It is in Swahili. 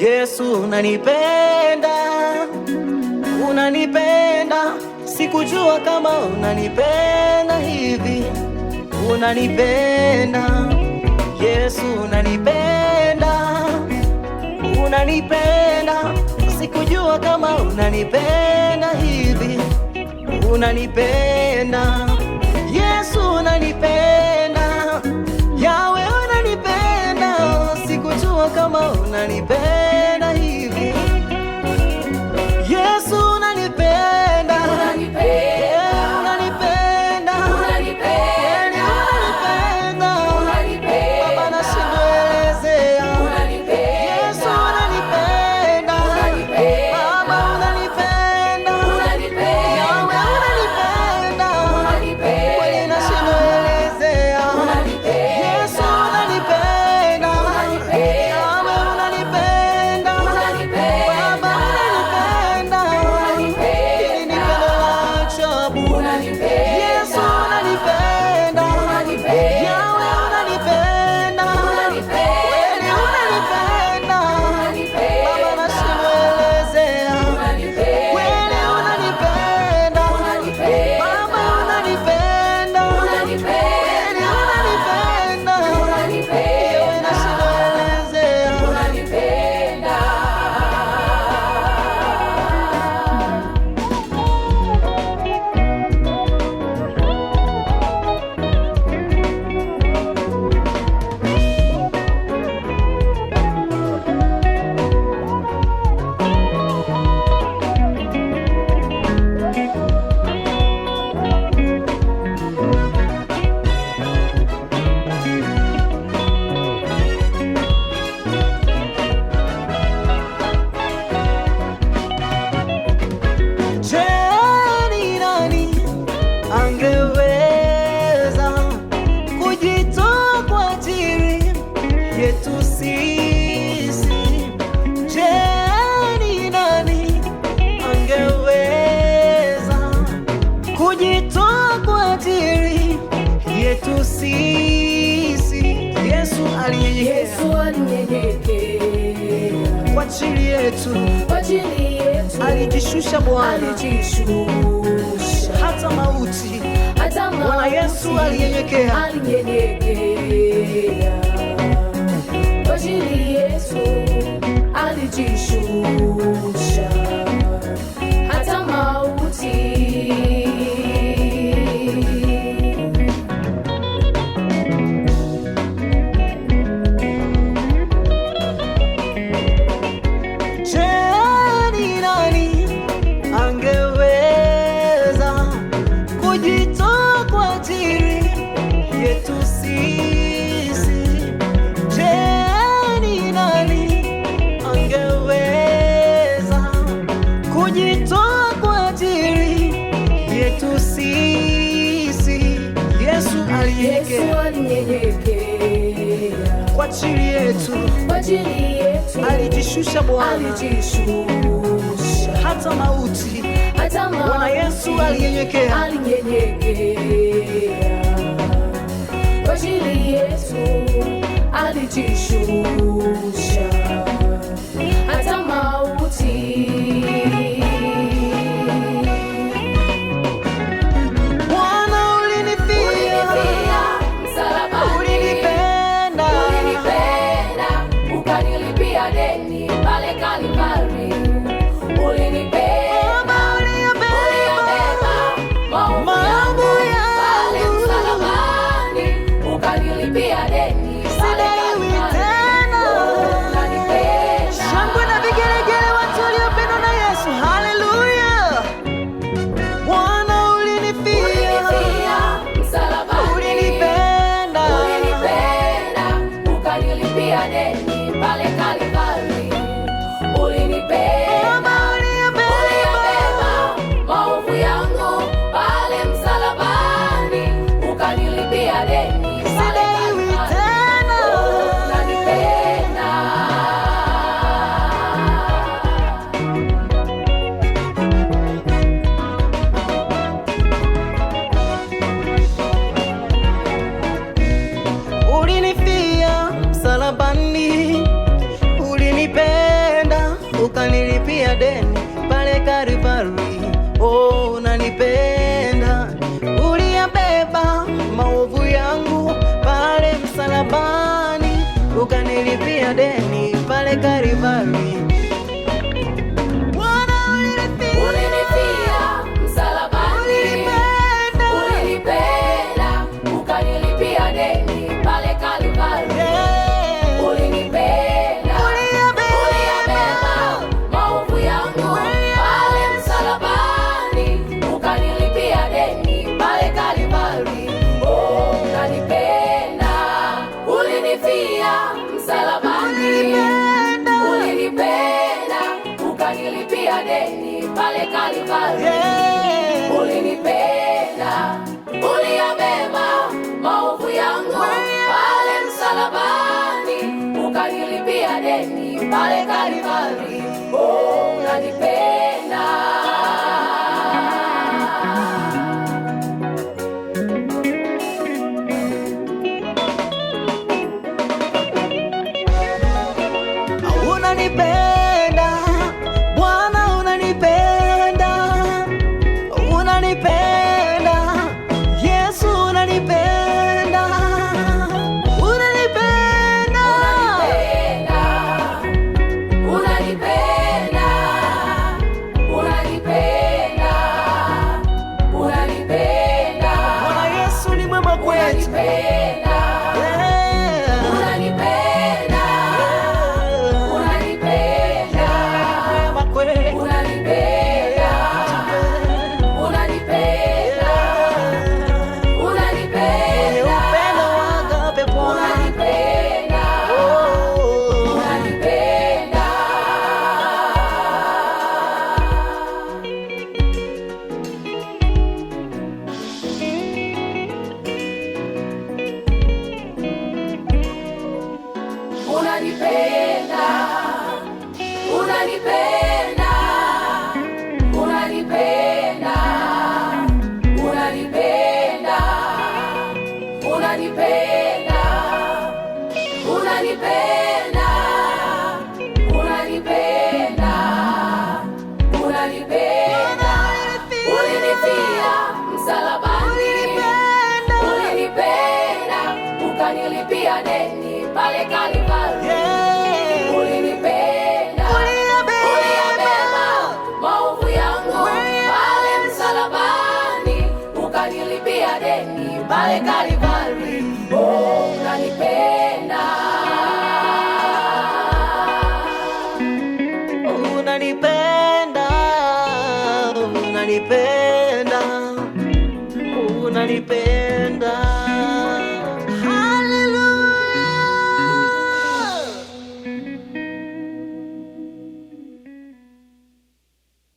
Yesu unanipenda, unanipenda, sikujua kama unanipenda hivi, unanipenda Yesu, unanipenda, unanipenda, sikujua kama unanipenda hivi, unanipenda Yesu, unanipenda mama unanipenda yetu sisi. Je, ni nani angeweza kujitoa kwa ajili yetu sisi? Yesu alinyenyekea kwa ajili yetu, alijishusha Bwana hata mauti. Bwana Yesu alinyenyekea. 技术。kujitoa kwa ajili yetu sisi. Yesu alinyenyekea kwa ajili yetu, alijishusha Bwana hata mauti. Bwana Yesu alinyenyekea kwa ajili yetu, alijishusha Edeni pale Kalvari, yeah. Ulinipenda, uliyabeba maovu yangu pale msalabani, ukanilipia deni pale Kalvari, oh, unanipenda unanipenda, unanipenda unanipenda, unanipenda, unanipenda